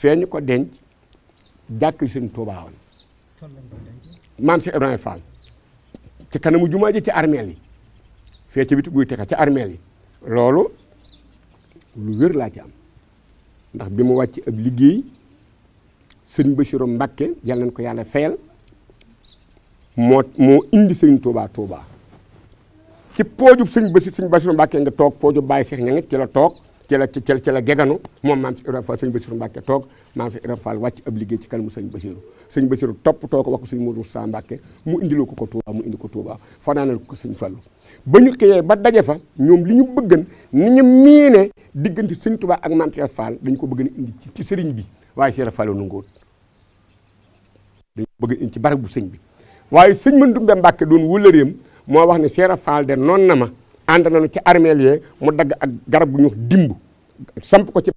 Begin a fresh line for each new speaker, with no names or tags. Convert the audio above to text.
fee ñu ko denc jàkk sëñ Tuubaa woon maam Cheikh Ibrahima Fall ci kanamu jumaa ji ci armeel yi fee ci biti buy texe ci armeel yi loolu lu wér laa ci am ndax bi mu wàcc ab liggéey sëñ Bassirou Mbacké yàlla nañ ko yàlla fayal
moo moo indi sëñ Tuubaa Tuubaa
ci poojub sëñ Bassirou sëñ Bassirou nga toog poojub Baye Cheikh ña nga ci la toog ci la ci la ci la geganu moom maam si Ibra Fall sëñ Basiru Mbàkke toog maam si Ibra Fall wàcc ab liggéey ci kanamu sëñ Basiru sëñ Basiru topp toog wax ko sëñ Moodu Saa Mbàkke mu indiloo ko ko Tuubaa mu indi ko Tuubaa fanaanal ko sëñ Fallu ba ñu xëyee ba daje fa ñoom li ñu bëggan ni ñu miine diggante sëñ Tuubaa ak maam si Ibra Fall dañ ko bëgg indi ci sëriñ bi waaye si Ibra Fall nangóot dañ ko bëgg indi ci barab bu sëñ bi waaye sëñ Mandumbe Mbàkke doon wëlëreem moo wax ne Cheikh Fall de noon na ma ànd nañu ci armeel yee mu dagg ak garab gu ñu dimb samp ko ci